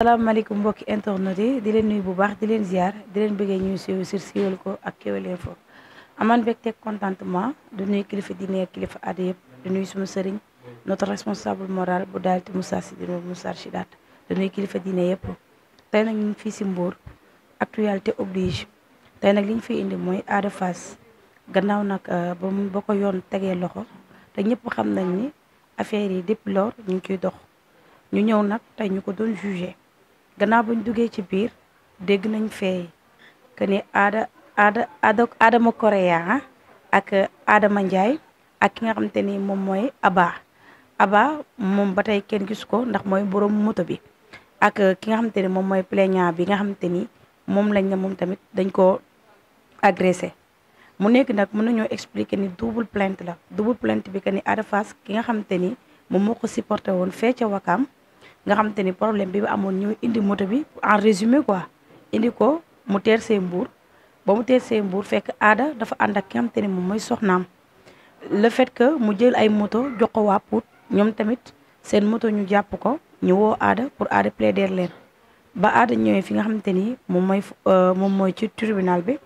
salaamaaleykum de internet yi di len nuy bu baax di ziar di len beugé ñuy séw sur ko ak contentement notre responsable moral bu dalti Moussa Sidine Moussa Archidat di nuyu kilifa fait ñu actualité oblige tay nak fi indi moy Ada face gannaaw nak euh, ba mu bako yoon loxo te ñepp xam affaire ko gannaaw buñ duggé ci biir dégg nañ fee que ada ada ada ada Adama Korea ah, ak Adama Ndiaye ak ki nga mom moy Aba Aba mom batay tey kenn gis ko ndax moy borom moto bi ak ki nga xamante mom moy mooy plaignant bi nga xamante mom lañ ne mom tamit dañ ko agresser mu nekk nak mënu ñu expliquer ni double plainte la double plainte bi que ni Ada face ki nga xamante mom moko supporté nga xamanteni problem problème bi amon ñu indi moto bi en résumé quoi indi ko mu ter sey mbour ba mu ter sey mbour fekk ada dafa and ak ki xam te ni le fait que mu jël ay moto jox ko wa Pout ñom tamit sen moto ñu japp ko ñu wo ada pour ada plaider leen ba ada ñëwee fi nga xamanteni mom moy mom moy euh, ci tribunal bi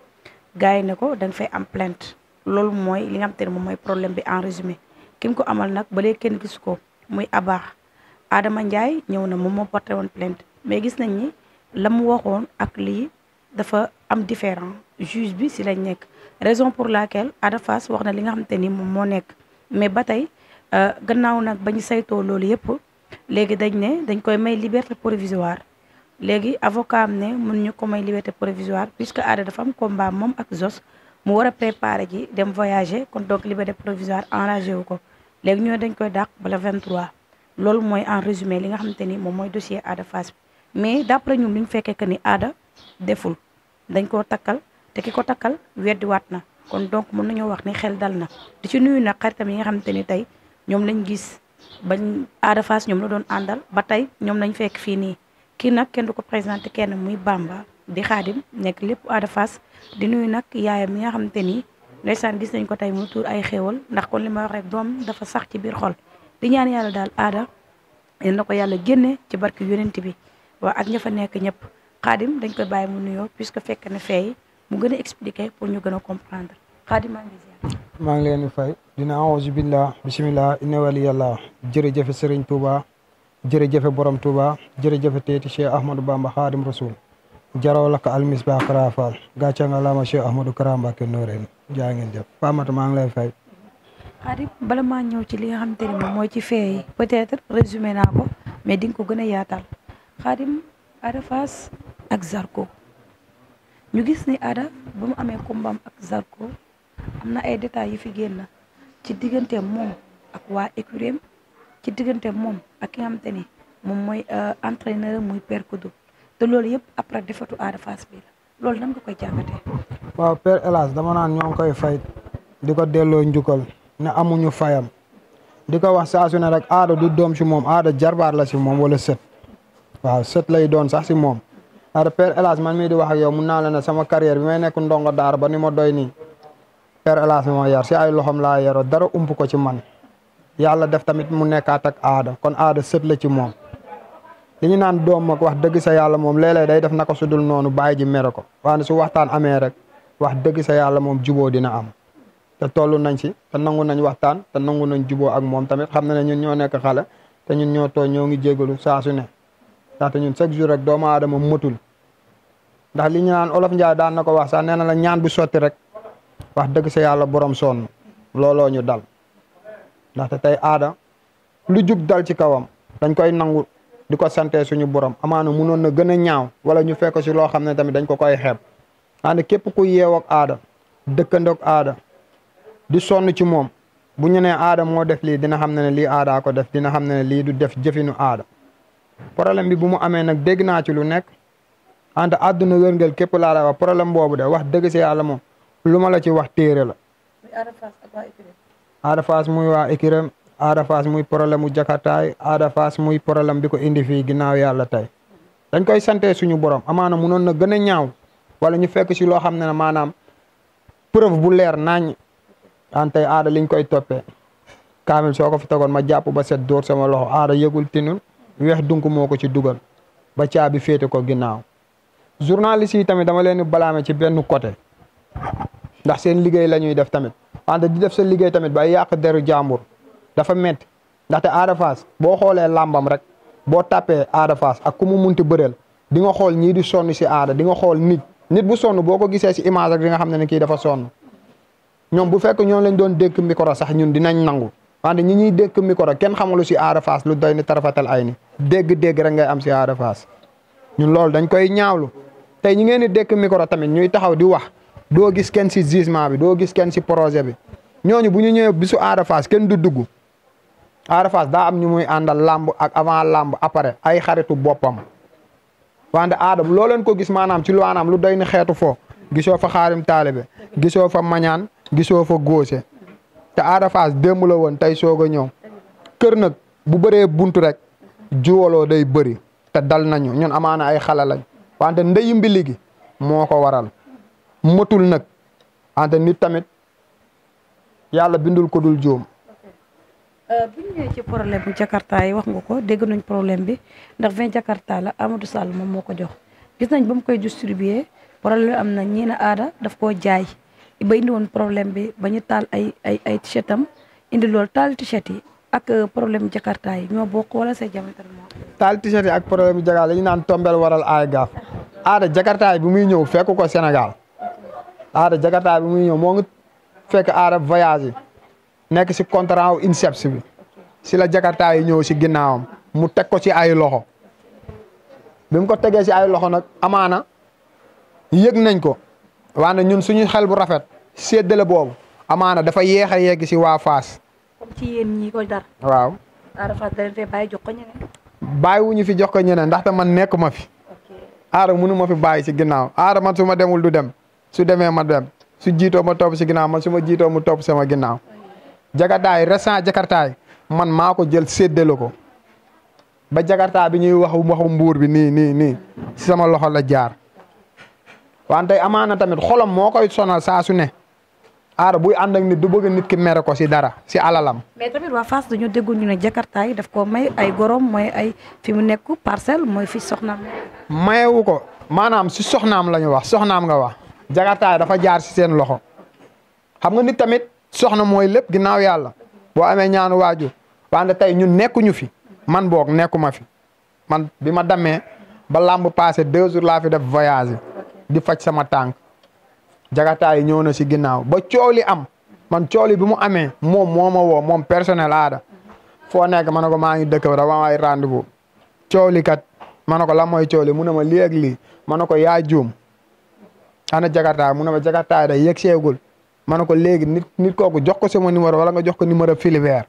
gaay ne ko dañ fay am plainte loolu moy li nga xamanteni mom moy problème bi en résumé kim ko amal nak ba léegi kenn gis ko muy Adama Ndiaye ñëw na moom moo porté woon plainte mais gis nañ ni la mu waxoon ak lii dafa am différent juge bi si lañ nekk raison pour laquelle Ada Fass wax na li nga xamante ni moom moo nekk mais ba tey euh, gannaaw nag ba ñu saytoo loolu yëpp léegi dañ ne dañ koy may liberté provisoire léegi avocat am ne mën ñu ko may liberté provisoire puisque Ada dafa am combat moom ak Zos mu war a préparer ji dem voyager kon donc liberté provisoire enragé wu ko léegi ñoo dañ koy dàq bala 23. Lol moy en résumé li nga xamanteni mom moy dossier Ada fas, mais d'après ñun ñu que ni Ada deful dañ ko takal té kiko takal wéddi watna kon donc mën nañu wax ni xel dalna di ci nuyu na xaritam yi nga xamanteni tay ñom lañ gis bañ Ada fas ñom la doon andal ba tay ñom lañ fekk fi ni ki nak kën du ko kenn muy Bamba di xaadim nek lepp Ada fas, di nuyu nak yaayam yi nga xamanteni ndaysan gis nañ ko tay mu tour ay xéewal ndax kon li wax rek dom dafa sax ci bir xol di ñaan yalla dal aada yal nako yalla genné ci barke yonent bi wa ak ñafa nek ñep khadim dañ koy baye mu nuyo puisque fekk na fay mu gëna expliquer pour ñu gëna comprendre khadim ma ngi ziar ma ngi leen fay dina awuzu billah bismillah inna waliyallah jërëjëf serigne Touba jërëjëf borom Touba jërëjëf teeti Cheikh Ahmadou Bamba xaadim rasul jaraw la ko rafal karafal gàcce nga lama Cheikh Ahmadou Karamba ke nooreen jaa ngeen jëf Famata ma ngi lay fay Arif bala ma ñew ci li nga xamanteni mo moom ci fee yi peut-être résumé naa ko mais ding ko gëna yaatal Ada ak Zarko ñu gis ni Ada bu mu amé kombaam ak Zarko amna ay détails yi fi génn ci digënté mom ak wa écurie ci digënté mom ak nga xamanteni mom moy euh, entraîneur moy Père Koudou té loolu yépp après défatu Ada bi la loolu nan nga koy jàngaté waaw Père El dama naan ñoo koy fay diko délo na amuñu fayam diko wax saa su ne rek aada du dom ci mom aada jarbar la ci mom wala set waaw set lay doon sax ci mom ar Père elas man mi di wax ak yow mu na la na sama carrière bi may nek ndongo dar ba ni ma doy ni Père elas mo yar si ay loxom la yero dara ump ko ci man yalla def tamit mu ak aada kon aada set la ci mom li ñu dom ak wax deug sa yalla mom lele day def nako sudul nonu baye ji mere ko waaye su waxtan amé rek wax deug sa yalla mom dina am te tollu nañ ci te nangu nañ waxtaan te nangu nañ juboo ak mom tamit xam na ñun ñoo nekk xala te ñun ñoo tooñ ñoo ngi jégalu saa su ne ndaxte ñun chaque jour rek doomu aadama motul ndax li ñu naan olof njaay daan na ko wax sax nee la ñaan bu sotti rek wax dëgg sa yàlla borom sonn looloo ñu dal ndaxte tey aada lu jub dal ci kawam dañ koy nangu di ko sante suñu borom amaana munoon na gën a ñaaw wala ñu fekk si loo xam ne tamit dañ ko koy xeeb képp ku aada di sonn ci moom bu ñu nee aada moo def lii dina xam ne ne lii aadaa ko def dina xam ne ne lii du def jëfinu aada problème bi bu mu amee nag dégg naa ci lu nekk ante àdduna wërngël képp laa la wax problème boobu de wax dëgg si yàlla moom lu ma la ci wax téere la aada faas muy waa ékiram aada muy problème mu jakartaay aada faas muy problème bi ko indi fii ginnaaw yàlla tey dañ koy sante suñu borom amaana munoon na gën a ñaaw wala ñu fekk si loo xam ne ne maanaam daan tey aada liñ koy toppee kaamil soo ko fi tegoon ma jàpp ba set dóor sama loxo aada yëgul tinul weex dunk moo ko ci dugal ba caabi féete ko ginnaaw journaliste yi tamit dama leen di balaame ci benn côté ndax seen liggéey la ñuy def tamit wante di def seen liggéey tamit ba yàq deru jàmbur dafa métti ndaxte Ada Fass boo xoolee làmbam rek boo tàppee Ada Fass ak ku mu munti bëreel di nga xool ñii di sonn si aada di nga xool nit nit bu sonn boo ko gisee si image rek nga xam ne ne kii dafa sonn ñom bu fekk ñoo lañ doon dénk micro sax ñun dinañ nangu wante ñi ñuy dénk micro kenn xamul ci arafas lu doyni tarafatal ayni deg deg ra ngay am si arafas ñun lool dañ koy ñaawlu tay ñi ngeen di dékk micro tamit ñuy taxaw di wax do gis kenn ci jugement bi do gis kenn ci projet bi ñoñu bu ñu bisu arafas, kenn du dugg arafas da am ñu muy andal lamb ak avant lamb après ay xaritu bopam wante adam lo len ko gis manam ci lu anam lu doyni xetu fo foo fa talibe fa mañan gisoo fa góose te Ada Fass démb la woon tey soog a ñëw kër nag bu bëree bunt rek juwaloo day bëri te dal nañu ñun amaana ay xala lañ wante ndeyu mbili moo ko waral motul nag wante nit tamit yàlla bindul ko dul juum. Euh, bu ñu ñëwee ci problème Jakarta yi wax nga ko dégg nañ problème bi ndax 20 Jakarta la Amadou Sall moom moo ko jox gis nañ ba mu koy distribuer problème am na ñii aada daf koo jaay. ba indi woon problème bi ba ñu taal ay ay ay t-shirt am indi loolu taal t-shirt yi ak euh, problème jakarta yi ñoo bokk wala say jamantar moo taal t-shirt yi ak problème bi jakarta la ñu naan tombel waral aay gaaf aada jakarta yi bi muy ñëw fekk ko Sénégal aada jakarta bi muy ñëw moo ngi fekk aada voyage nekk si contrat wu INSEPS bi si la jakarta yi ñëw si ginnaawam mu teg ko si ay loxo bi mu ko tegee si ay loxo nag amaana yëg nañ ko waane ñun suñu xel rafet séddale boobu amaana dafa yéex a yegg si waa Fass. comme waaw. Ada Fass da fi jox ko ñeneen ndaxte man nekk ma fi. ok Ada ma fi bàyyi si ginnaaw Ada man su ma demul du dem su demee ma dem su jiitoo ma topp si ginnaaw man su ma jiitoo mu topp sama ginnaaw. jakartaay récent jakartaay man maa ko jël séddale ko ba jakartaa bi ñuy wax waxu mbuur bi nii nii nii si sama loxo la jaar wante amaana tamit xolam moo koy sonal saa su ne. ara buy and ak nit du bëgg nit ki ko si dara si alalam. mais tamit wa fas dañoo déggu ñu né Jakarta yi daf ko may ay gorom moy ay fi mu nekk parcel moy fi soxnaam. mayewu ko manam si soxnaam la wax soxnam nga wax. Jakarta yi dafa jaar si seen loxo xam nga nit tamit soxna moy lepp ginaaw yalla bo amé ñaanu waajur wante tey ñun ñu fi man bok nekkuma fi man bi madame, ba lamb passé 2 jours la fi def voyage di fajj sama tank jagataa yi ñëw na si ginnaaw ba coow am man coow li bi mu amee moom moo ma woo moom personnel aada foo nekk ma ne ko maa ngi dëkk ba dama ay rendez-vous kat ma ne ko lan mooy coow li mu ne ma lii ak lii ne ko yaa juum ana jagataa mu ne ma jagataa day yegg seegul ma ne ko léegi nit nit kooku jox ko sama numéro wala nga jox ko numéro Philibert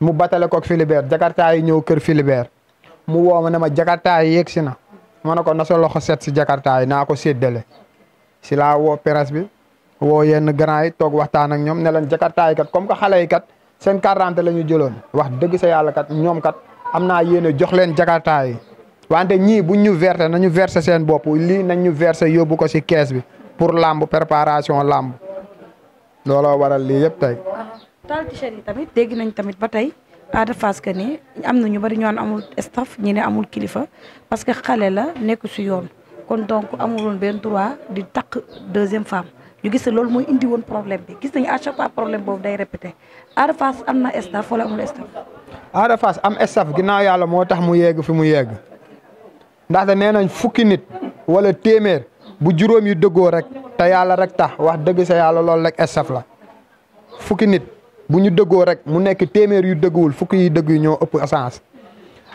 mu batale koog Philibert jakartaa yi ñëw kër Philibert mu woo ma ne ma jakartaa yi yegg si na ma ne ko na sa loxo set si jakartaa yi naa ko séddale si perasbi, wo presse bi wo yenn grand yi tok waxtaan ak ñom ne jakarta yi kat comme ko xalé yi kat seen 40 lañu ñu wax deug sa yalla kat ñom kat amna yene jox leen jakarta yi wante ñi bu ñu verse nañu verse seen bop li nañu verser verse ko ci caisse bi pour lamb préparation làmb looloo waral li yeb tay tal ci shirt tamit dégg nañ tamit ba Ada Fass que ni am ñu bari ñoon amul staff ñi ne amul kilifa parce que xalé la nekk su yoon. kon donc amul woon benn droit di takk deuxième femme ñu gis loolu mooy indi woon problème bi gis nañu à problème boobu day répété Ada Fass am na staff wala amul staff. Ada am staff ginnaaw yàlla moo tax mu yegg fi mu yegg ndaxte nee nañ fukki nit wala téeméer bu juróom yu dëggoo rek te yàlla rek tax wax dëgg sa yàlla loolu rek staff la fukki nit bu ñu dëggoo rek mu nekk téeméer yu dëgguwul fukki yu dëgg yi ñoo ëpp chance.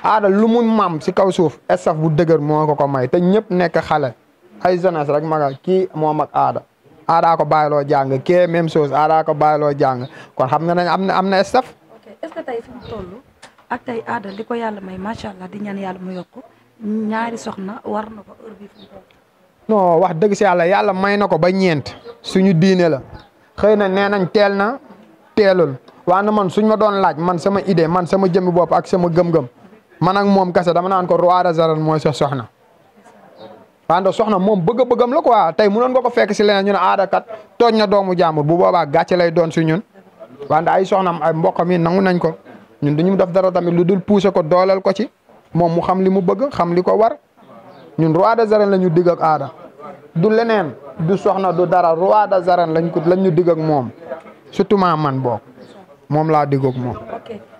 aada lu mu maam si kaw suuf estaf bu dëgër moo ko ko may te ñëpp nekk xale ay jeunesse rek maga kii moo mag aada aadaa ko bàyyiloo jàng kee même chose aadaa ko bàyyiloo jàng kon xam nga ne am na am na estaf. ok ak tey macha allah di ñaan yàlla mu yokk ñaari soxna war na ko wax dëgg si yàlla yàlla may na ko ba ñeent suñu diine la xëy na nee nañ teel na teelul waaye man suñ ma doon laaj man sama idée man sama jëmmi bopp ak sama gëm-gëm. man moom kese dama naan ko roi de l'arène mooy sa soxna wante soxna moom bëgg-bëggam la quoi tey munoon nga ko fekk si leneen ñu ne aada kat tooñ na doomu jàmbur bu boobaa gàcce lay doon si ñun wante ay soxnaam ay mboqam yi nangu nañ ko ñun duñu def dara tamit lu dul pousser ko dooleel ko ci moom mu xam li mu bëgg xam li ko war ñun roi des arènes la ñu digg ak aada du leneen du soxna du dara roi des arènes lañ ko lañ ñu digg ak moom surtout maa man boog moom laa digg ak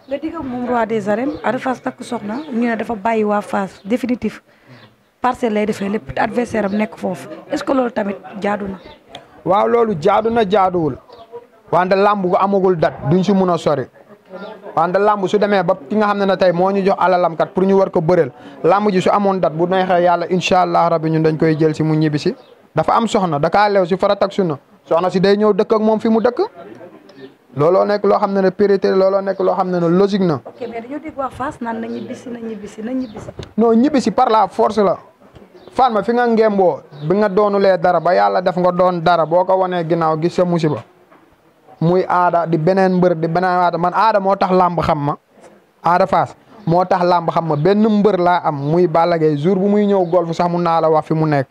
nga diga mom roi des arènes Ada fas tak soxna ñu ne dafa bayyi wa fas définitif parcelle lay defee lepp adversaire am nek est ce que lolu tamit jaaduna na. waaw lolu jaaduna na wanda lamb gu amagul dat duñ ci mëna sori. wanda lamb su démé ba ki nga xamné na tay moñu jox kat pour ñu war ko bërel lamb ji su amone dat bu neexee yàlla incha allah rabi ñun dañ koy jël si mu ñibisi dafa am soxna da ka lew si fara tak sunna soxna si day ñew dekk ak mom fi mu dekk lolo nek lo xamne ne priorité lolo nek lo xamne ne logique na. ok mais dañu dégg waa face nan na na na non ñibisi par la force la. fan ma fi nga ngembo bi nga le dara ba yalla def nga doon dara boko woné ginaaw ginnaaw gis sa musiba muy ada di benen mbeur di benen ada, man ada mo tax lamb xam ma ada face mo tax lamb xam ma benn mbeur la am muy Balla jour bu muy ñew golf sax mun na la wax fi mu nek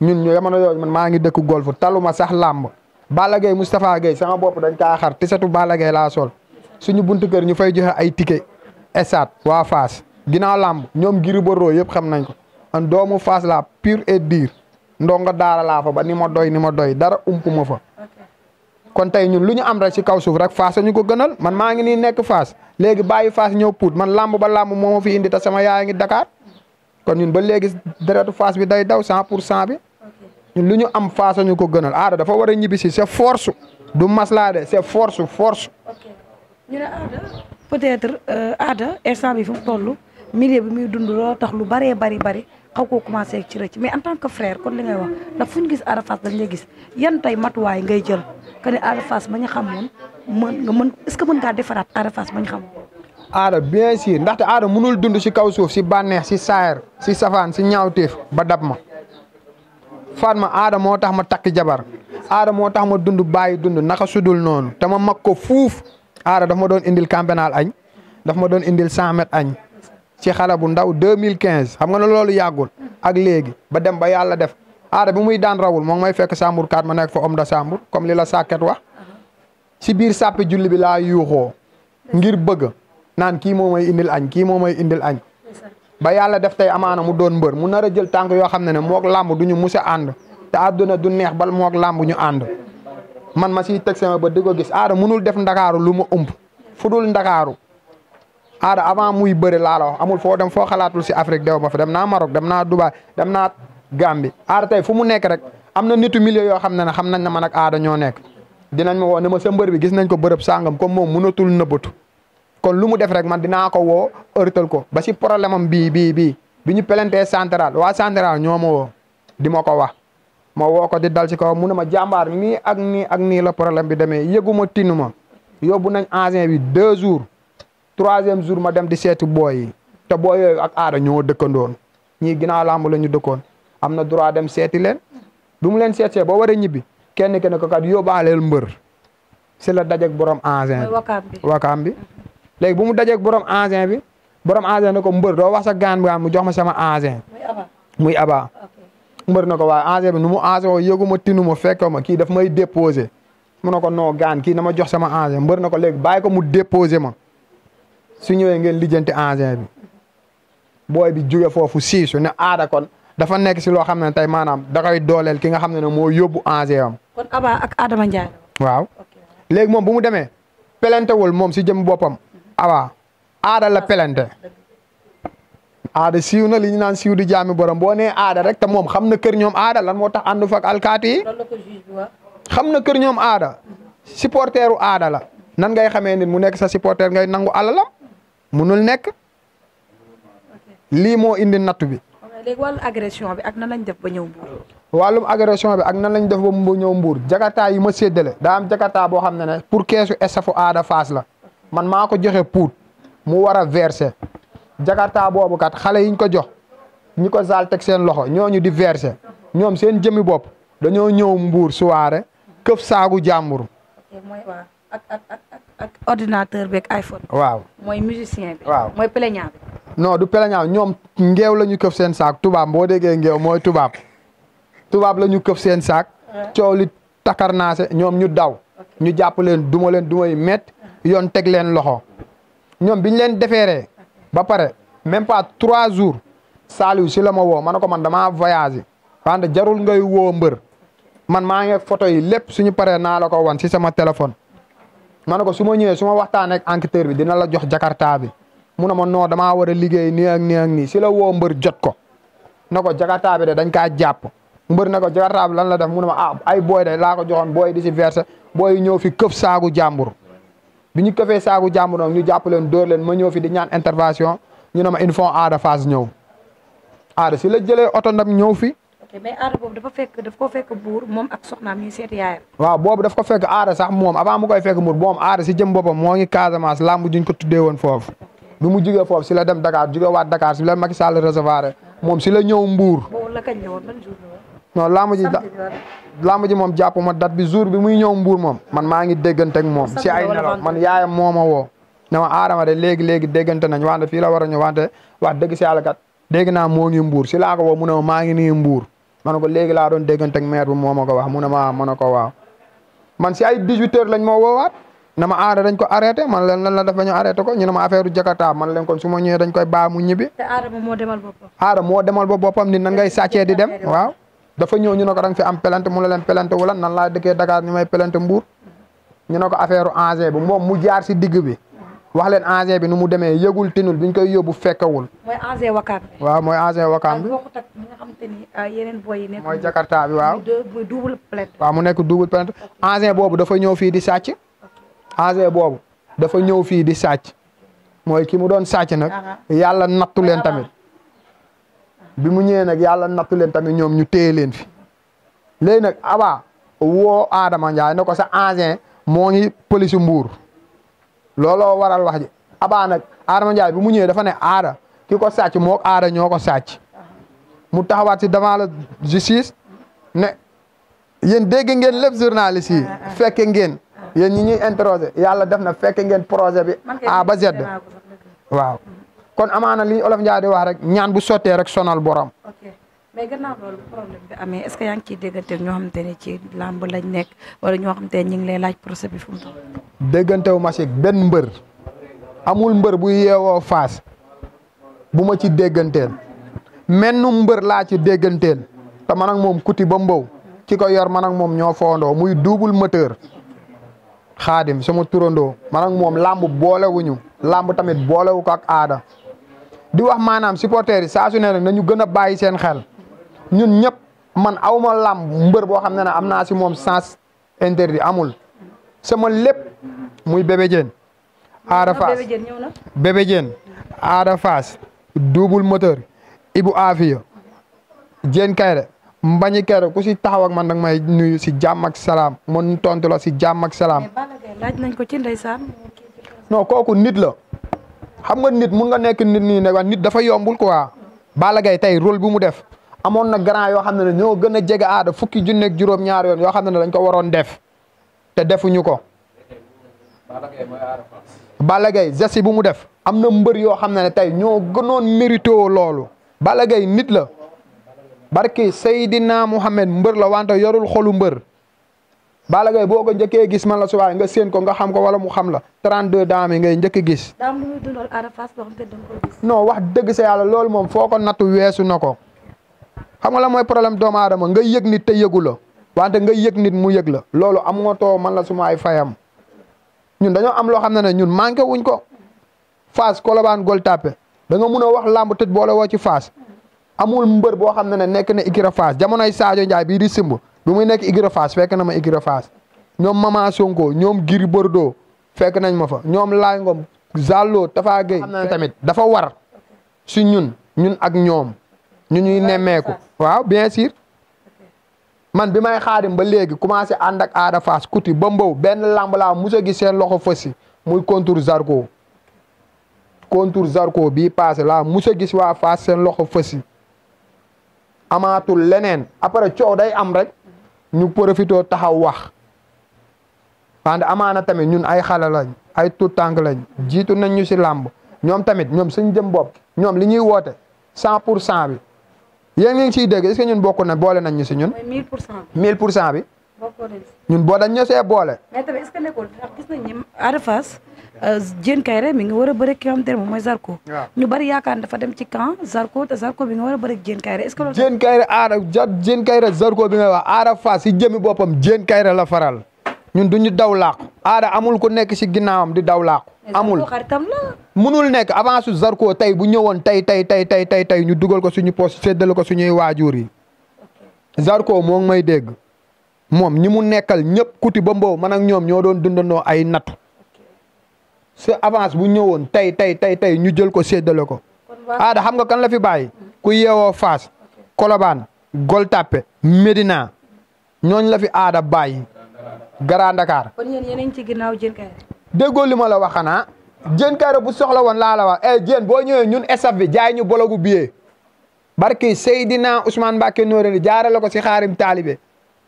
ñun ñu yamana yoy man ma ngi dekk golf taluma sax lamb Balla Mustafa Moustapha Gueye sama bop dañ kaa xar tisatu Balla Gaye laa sol suñu buntu keur ñu fay joxe ay ticket esat wa Fass ginnaaw làmb ñoom Gris Bordeaux yeb xam nañ ko an doomu Fass la pur et dur ndongo dara la fa ba ni ma doy ni ma doy dara umpu ma fa. kon tay ñun luñu am rek ci kaw suuf rek fas ñu ko gënal man ma ngi ni nek fas legi bayyi Fass ñew put man lamb ba lamb mo fi indi ta sama yaay ngi Dakar kon ñun ba legi deretu Fass bi day daw 100 bi luñu am faasa ñu ko gënal aada dafa wara a c'est force du masla dé c'est force force. ñu ne aada peut-être euh, aada instant bi fu tollu milier bi mi dund lo tax lu bari bari bari xaw ko commencé ci rëcc mais en tant que frère kon li ngay wax da fuñu gis aada Fass dañ lay gis yan tey matuwaay ngay jël que ne aada Fass ma ñu xamoon mën nga mën est-ce que mën ngaa défarat aada Fass ma ñu xam aada bien sûr ndax aada mënul dund si kaw suuf si banex si saher si safane ci ñaawteef ba dab ma. faat ma aada moo tax ma takk jabar aada moo tax ma dund bàyyi dund nax naka sudul noonu te ma mag ko fuuf aada daf ma doon indil campénal añ daf ma doon indil cent añ si xale bu ndaw deux mille quinze xam nga ne loolu yàggul ak léegi ba dem ba yàlla def aada bi muy daan rawul moo ngi may fekk Sambour kaat ma nekk fa homme de Sambour comme li la sàkket wa si biir sàppi julli bi laa yuuxoo ngir bëgg naan kii moo may indil añ kii moo may indil añ ba yàlla def tey amaana mu doon mbër mu nar a jël tànk yoo xam ne ne mook làmb du ñu mus a ànd te àdduna du neex bal mook làmb ñu ànd man ma siy teg sama ba di ko gis aada munul def ndakaaru lu mu umb fu dul ndakaaru aada avant muy bëri laalo amul foo dem foo xalaatul si Afrique dew ma fa dem naa Maroc dem naa Dubaï dem naa gàmbi aada tey fu mu nekk rek am na nitu milieu yoo xam ne ne xam nañ na man ak aada ñoo nekk dinañ ma woo ne ma sa mbër bi gis nañ ko bërëb sàngam comme moom mënatul nëbbatu kon lu mu def rek man dina ko wo ërtal ko ba ci problème bi bi bi biñu pelantee central wa central ñoo wo woo di ma wax mo wo ko di dal ci ko mu ma ak ni ak ni la problème bi démé yeguma tinuma yóbbu nañ agent bi 2 jours troisième jour ma dem di sétu boy yi te booy ak aada ñoo dëkkandoon ñi gina lamb lañu ñu amna droit dem séti len bi mu leen seetsee ba war a kenn kenn ko kat yobale mbeur c'est la dajak borom wakam bi wakam bi mhm. léegi bu mu dajeeg borom engin bi borom engin na ko mbër doo wax sa gaan gaan mu jox ma sama engin muy aba mbër na ko waaye engin bi nu mu engin oo nu tinuma fekkoo ma kii dafa may déposé mu na ko noo gaan kii na ma jox sama engin mbër na ko léegi bàyyi ko mu déposé ma si ñëwee ngeen lijjanti engin bi booy bi juge foofu siisu ne aada kon dafa nekk si loo xam ne tey maanaam da koy dooleel ki nga xam na ne moo yóbbu engin am kon aba ak Adama Ndiaye waaw léegi moom bu mu demee pelentewul moom si jëm boppam awa aada la ada aada siiw na li ñu naan siiw di jaami borom boo nee aada rek te moom xam na kër ñoom aada lan moo tax àndu fa ak alkaati yi xam na kër ñoom aada supporteru aada nan ngay xamee nit mu nekk sa supporter ngay nangu alalam munul nekk lii moo indi nattu bi. léegi wàllu agression bi ak na lañ def ba ñëw mbuur. bi ak nan lañ def ba ñëw mbuur jakarta yi ma séddale daa am jakarta boo xam ne ne pour keesu estafu aada fas la man maa ko joxe puut mu war a verser jakarta boobu kat xale yiñ ko jox ñi ko zaal teg seen loxo ñooñu di verser ñoom seen jëmi bopp dañoo ñëw mbuur suwaare këf saagu jàmbur. mooy waaw ak ak ordinateur beeg iPhone. waaw mooy musicien bi. waaw du plaignant ñoom ngeew la ñu këf seen saak tubaab boo déggee ngeew mooy tubaab tubaab lañu këf seen saak. coow li takar naase ñoom ñu daw. ñu jàpp leen duma leen duma yi métti yoon teg leen loxo ñoom biñ leen defeeree ba pare même pas trois jours Saliou si la ma woo ma ko man damaa voyagé wante jarul ngay woo mbër man maa ngi foto yi lépp suñu paree naa la ko wan si sama téléphone ma ne ko su ma ñëwee suma ma waxtaanee bi dina la jox jakarta bi mu ne ma noo damaa war a liggéey nii ak ni ak nii si la woo mbër jot ko na ko jakarta bi de dañ kaa jàpp mbër na ko jakarta bi lan la def mun ne ma ah ay booy de laa ko joxoon booy di si verse booy ñëw fi këf saagu jàmbur bi ñu kafee saagu jàmm noonu ñu jàpp leen dóor leen ma ñëw fi di ñaan intervention ñu ne ma une fois aada Fass ñëw aada si la jëlee oto ndam ñëw fi. ok mais aada boobu dafa fekk daf ko fekk moom ak soxnaam ñuy seeti yaayam. waaw boobu daf ko fekk aada sax moom avant mu koy fekk buur moom aada si jëm boppam moo ngi Casamance làmb juñ ko tuddee woon foofu. bi mu jugee foofu si la dem Dakar jugee waat Dakar si la Macky Sall recevoir moom si la ñëw Mbour. boobu la kañ ñëwoon ban da làmb ji moom jàpp ma date bi jour bi muy ñëw mbuur moom man maa ngi déggante ak moom si ay nelaw man yaayam moo ma woo ne ma aadama de léegi léegi déggante nañ wante fii la war a ñëw wax dëgg si yàlla kat naa moo ngi mbuur si laa ko woo mu ne ma maa ngi nii mbuur ma ne ko léegi laa doon déggante ak moom bi ma ko wax mu ne ma ah, ma ne ko waaw man si ay 18 heures lañ ma waat na ma aada dañ ko arrêté man leen lan la def ba ñu arrêté ko ñu ma affaire Jakarta man leen kon su ma ñëwee dañ koy baa mu ñibbi. te moo demal boppam. aada moo demal ba boppam nit nan ngay sàccee di dem waaw. dafa ñëw ñu ne ko da fi am pelante mu ne leen pelante wala nan laa dëkkee Dakar ñu may pelante Mbour ñu ne ko affaire engin bi moom mu jaar si digg bi wax leen engin bi nu mu demee yëgul tinul biñ koy yóbbu fekkawul. mooy engin waaw mooy engin wakaam bi. Ah, mooy jakarta bi waaw. mu nekk double plainte engin boobu dafa ñëw fii di sàcc. engin boobu dafa ñëw fii di sàcc. mooy ki mu doon sàcc nag. yàlla nattu leen tamit. bi mu ñëwee nag yàlla nattu leen tamit ñoom ñu téye leen fi léegi nag aba woo Adama Ndiaye ne ko sa ancien moo ngi polisu mbuur looloo waral wax ji abaa nag Adama Ndiaye bi mu ñëwee dafa ne aada ki ko sàcc moo aada ñoo ko sàcc mu taxawaat si devant la justice ne yéen dégg ngeen lépp journaliste yi fekke ngeen yéen ñi ñuy interroger yàlla def na fekke ngeen projet bi A ba waaw kon amana li olof Njaay di wax rek ñaan bu soté rek sonal borom. mais gannaaw loolu problème bi amé est-ce yang ci ngi ñoo xamante ne ci lamb lañ nek wala ñoo xamante ne ngi lay laaj procès bi fu mu tok déggantewu ma si ben mbeur amul mbeur bu yéwo faas bu ma ci dégganteel mennu mbeur la ci dégganteel ta man ak mom kuti ba mbow ki ko yor man ak mom ñoo fondo muy double moteur khadim sama turondo man ak lamb làmb wuñu lamb tamit wu ko ak aada di wax manam supporters yi sa su ne nag nañu gën a seen xel ñun ñep man awma làmb mbeur bo xamna ne ne am sens interdit amul sama lepp muy Bébé jeen ara fas Bébé Diène Ada fas double moteur ibu Afia Diène Kaïré mbañi kere ku ci taxaw ak man dag may nuyu ci jamm ak salam mon tontu la si jamm ak salam laaj nañ ko ci non koku nit la. xam nga nit mu nga nekk nit nii ne wa nit dafa yombul quoi Balla Gaye tey rôle bu mu def amoon na grand yoo xam ne ñoo gën a jege aada fukki junne juróom ñaar yoon yoo xam ne dañ ko waroon def te defuñu ko Balla Gaye geste bu mu def am na mbër yoo xam ne ne tey ñoo gënoon mérité loolu Balla Gaye nit la barki Seydina Mouhamed mbër la wante yorul xolu mbër Balla Gaye boo ko gis man la su nga séen ko nga xam ko wala mu xam la 32 dame ngay njëkk gis. daam lu muy dundal Ada bo boo xam te dañ ko gis. non wax deug sa yalla loolu mom foko ko wessu nako xam nga la moy problème doom adam nga yëg nit te yëgu wante nga yeg nit mu yëg la loolu am nga man la su ay fayam ñun dañu am lo xam ne ñun manké wuñ ko la ban gol tapé da nga mëna wax lamb làmb bo la wo ci fas amul mbeur bo xam ne nek na Ikira jamono ay Sadio Ndiaye bi di simbu bi muy nekk Igro Fass fekk na ma Igro Fass ñoom Mama Sonko ñoom Giri Bordeaux fekk nañ ma fa ñoom Laay Ngom Zallo Tafa Gueye. tamit dafa war si ñun ñun ak ñoom ñu ñuy nemmeeku. waaw bien sûr man bi may xaadim ba léegi commencé ànd ak Ada Fass kuti ba mbow benn lamb laa mos a gis seen loxo fësi muy contour Zarko bi Zarko la passé gis waa fas seen loxo fësi amaatul leneen après coow day am rek. ñu profitoo taxaw wax wante amaana tamit ñun ay xale lañ ay tout tànk lañ jiitu nañ ñu si làmb ñoom tamit ñoom suñ jëm bopp ñoom li ñuy woote cent pour cent bi yéen ngi siy dégg est ñun bokk na boole nañ ñu si ñun. mille pour cent bi pour cent bi. ñun boo dañ ñu see boole. Euh, Diène Kairé mi ngi war a bëri ki nga xamante ne moom mooy Zarko. ñu bari yaakaar dafa dem ci camp Zarko te Zarko bi nga war a bëri Diène Kairé est ce que loolu. Diène Kairé aara ja Diène Kairé Zarko bi nga wax aara fas si jëmi boppam Diène Kairé la faral ñun du ñu daw laaku aara amul ku nekk si ginnaawam di daw laaku. amul xaritam la munul nekk avance su Zarko tey bu ñëwoon tey tey tey tey tey tey ñu dugal ko suñu poste séddale ko suñuy waajur yi. Zarko moo ngi may dégg moom ñi mu nekkal ñëpp kuti ba mboow man ak ñoom ñoo doon dundandoo ay nattu sa avance bu ñëwoon tey tey tey tey ñu jël ko séddale ko aada xam nga kan la fi bàyyi ku yeewoo faas kolobaan Gueule Tapée ñooñ la fi aada bàyyi Grand ndakaar kon yéen ci ginnaaw Diène li ma la wax xanaa Diène Kaïré bu soxla woon laa la wax eh Diène boo ñëwee ñun staff bi jaay ñu bologu billet barki Seydina Ousmane Mbacké Noreyni la ko si xaarim taalibe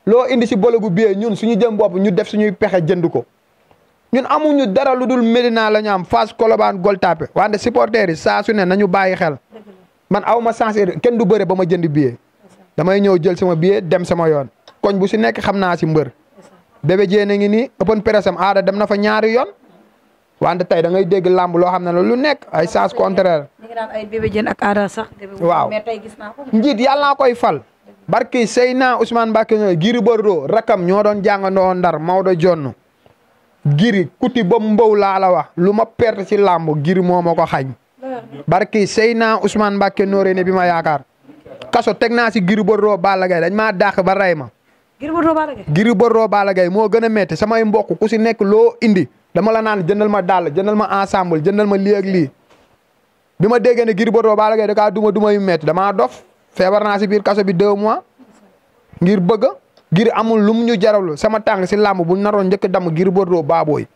loo indi si bologu billet ñun suñu jëm bopp ñu def suñuy pexe jënd ko ñun amuñu dara luddul medina Médina la ñu am Fass Colobane gol tapé wante supporter yi sa su ne nañu bayyi xel man awma sans sens kenn du bëre bama jënd billet damay ñëw jël sama billet dem sama yoon koñ bu ci nekk xamna ci mbeur bébé jéen a ngi ni open pressam am aada dem na fa ñaari yoon wante tay da ngay dégg lamb lo xamna lu nekk ay sans contraire. ñu ngi naan ay bébé jéen ak aada sax. waaw mais tay gis na ko. njit yalla koy fal. barki Seyna Ousmane Mbacke Giri bordo rakam ñoo doon jangandoo Ndar mawdo Jonn giri kuti ba mbow laa la wax lu ma perte ci làmb giri moo ma ko xañ barki Seyna Ousmane Mbacke nooree ne bi ma yaakaar kaso teg naa si giri boroo Balla Gaye dañ maa dàq ba rey ma. giri boroo Balla Gaye giri moo gën a métti samay mbokk ku si nekk loo indi dama la naan jëndal ma dàll jëndal ma ensemble jëndal ma lii lii bi ma déggee ne giri boroo Balla Gaye da kaa duma duma yu métti damaa dof feebar naa si biir kaso bi deux mois ngir bëgg. ngir amul lu mu ñu jaral sama tàng si làmb bu naroon njëkk damm ngir Bordeaux baabooy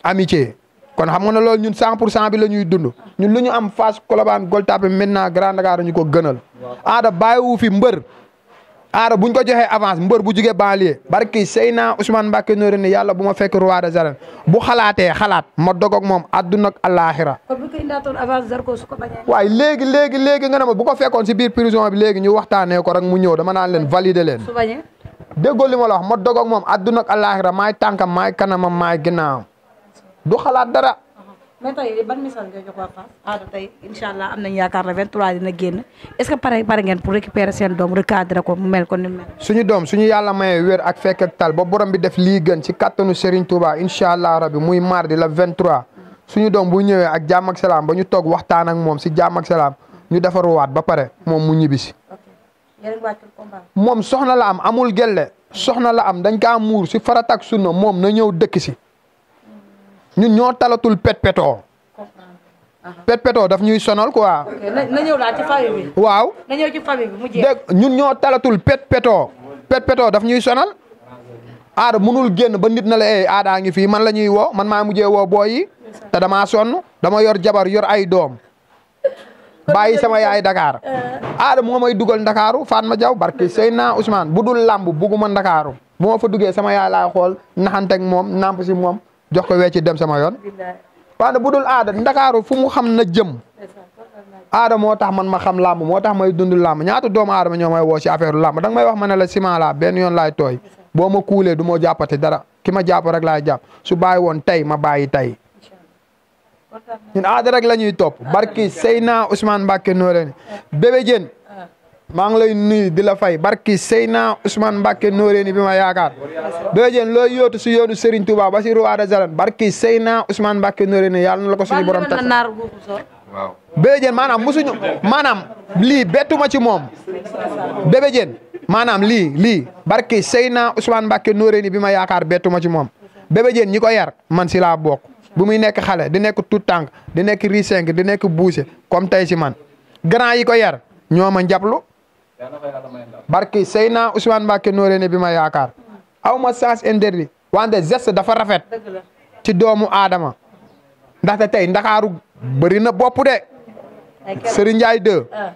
amitié kon xam nga ne loolu ñun 100 pour cent bi la ñuy dund ñun lu ñu am Fass Colobane Gueule Tapée maintenant Grand Dakar ñu ko gënal. aada bàyyiwu fi mbër. aada buñ ko joxee avance mbër bu jugee banlieue barki Seyna Ousmane Mbacke Noré ne yàlla bu ma fekk roi des arènes bu xalaat ma dog ak moom àdduna ak àllaaxira. kon bu ko indaatoon avance Zarko su nga ne ma bu ko fekkoon si biir prison bi léegi ñu waxtaanee ko rek mu ñëw dama naan leen valider leen. déggoo li ma la wax ma dog ak moom adduna ak alaaxira maay tànkam maay kanamam maay ginnaawam du xalaat dara. mais tey ban message nga jox waa Fass am nañu yaakaar ne 23 dina génn est ce que pare pare ngeen pour récupérer seen doom recadrer ko mu mel ko ni mu mel. suñu doom suñu yàlla mayee wér ak fekk tal ba borom bi def lii gën ci kattanu Serigne Touba incha allah rabi muy di la 23 suñu doom bu ñëwee ak jàmm ak salaam ba ñu toog waxtaan ak moom si jàmm ak salaam ñu defaruwaat ba pare moom mu ñibbisi. moom soxna la am amul gelle soxna la am dañ kaa muur si faratak sunna moom na ñëw dëkk si ñun ñoo talatul pet petoo pet petoo daf ñuy sonal quoi. ñëw laa ñoo talatul pet petoo daf ñuy sonal aada munul génn ba nit na la ay eh, aadaa ngi fii man la ñuy woo man maa mujjee woo booy te damaa sonn dama yor jabar yor ay doom. bàyyi sama yaay dakaar aada eh. moo may dugal Ndakaaru Fatma Diaw barki Seyna Ousmane bu dul làmb bugguma Ndakaaru bu ma fa duggee sama yaay laay xool naxanteeg moom namp si moom jox ko wecci dem sama yoon. waaye bu dul aada Ndakaaru fu mu xam na jëm. aada moo tax man ma xam làmb moo tax ma dund làmb ñaata doomu aadama ñoo may woo si affaire làmb danga may wax ma ne la ciment laa benn yoon laay tooy boo ma kuule du ma jàppati dara ki ma jàpp rek laay jàpp su bàyyi woon tey ma bàyyi tey. ñun aada rek la ñuy topp barki Seyna naa Mbacke Noreyni bébé jën maa ngi lay nuyu di la fay barki Seyna Ousmane Mbacke Noreyni bi ma yaakaar bébé jën looy yóotu si yoonu Serigne Touba ba si Roi de Zalane barki Seyna Ousmane Mbacke Noreyni yàlla na la ko suñu borom tas waaw bébé jën maanaam musuñu maanaam lii bettuma ci moom bébé jën maanaam lii lii barki naa Ousmane Mbacke Noreyni bi ma yaakaar bettuma ci moom bébé ñi ko yar man si laa bokk bu muy nekk xale di nekk tout tànk di nekk riseng di nekk buuse comme tey si man grand yi ko yar ñoo ma njablu barki sey naa Ousmane Mbacke nooree ne bi ma yaakaar aw ma sens interdit wante geste dafa rafet ci doomu aadama ndaxte tey ndakaaru bëri na bopp de Serigne Ndiaye 2 ah.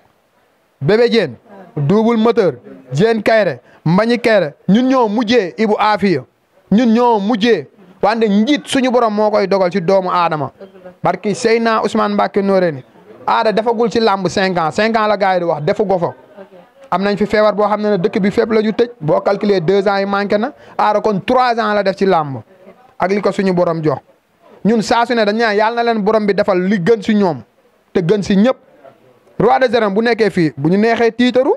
bébé Diène ah. double moteur Diène Kayre Mbañi Kayre ñun ñoo mujjee Ibou Afia ñun ñoo mujjee wante njiit suñu borom moo koy dogal ci doomu aadama barki Seyna Ousmane Mbacke Noreyni aada defagul ci làmb cinq ans cinq ans la gars yi di wax defu ko fa am nañ fi feebar boo xam ne ne dëkk bi fépp la ñu tëj boo calculer deux ans yi manqué na aada kon trois ans la def si làmb ak li ko suñu borom jox ñun saa su ne dañ ñaan yàlla leen borom bi defal li gën si ñoom te gën si ñëpp roi des arènes bu nekkee fii bu ñu neexee tiitaru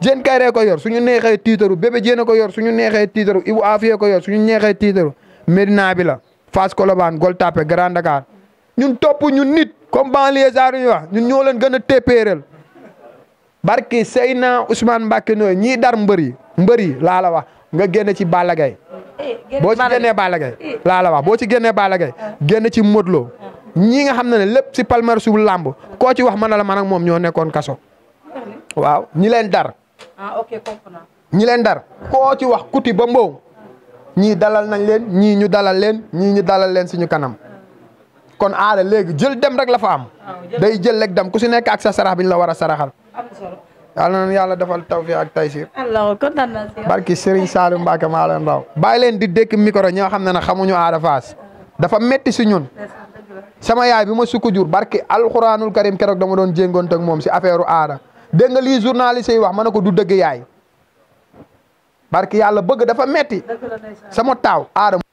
Diène Kaïré ko yor suñu neexee tiitaru bébé Diène ko yor suñu neexee tiitaru Ibou ko yor suñu neexee tiitaru Médina bi la Fass Colobane Gueule Tapée Grand ñun topp ñun nit comme banlieusards yi wax ñun ñoo leen gën a téppéeral barki sey na Mbacke nooyu ñii dar mbëri mbëri laa la nga génn ci Balla Gaye eh, boo ci génnee Balla Gaye eh. laa wax boo ci génnee Balla Gaye génn ci Modou Lo ñii nga xam ne ne lépp si palmarès su làmb koo ci wax mën na la man moom ñoo nekkoon kaso waaw ñi leen dar ah, ñi leen dar koo ci wax kuti ba mbow ñii dalal nañ leen ñii ñu dalal leen ñii ñu dalal leen suñu kanam kon aada léegi jël dem rek la fa am. day jël rek dem ku si nekk ak sa sarax bi ñu la war a saraxal. yàlla yàlla defal tawfiq ak taysir. si yow. barki Serigne Saliou Mbacke maa leen raw. bàyyi leen di dëkk micro ñoo xam ne ne xamuñu aada faas dafa metti si ñun. sama yaay bi ma sukk jur barki alxuraanul karim keroog dama doon jéngoon ak moom si affaire aada dégg nga lii journaliste yi wax ma ne ko du dëgg yaay. barki yàlla bëgg dafa metti sama taw aadama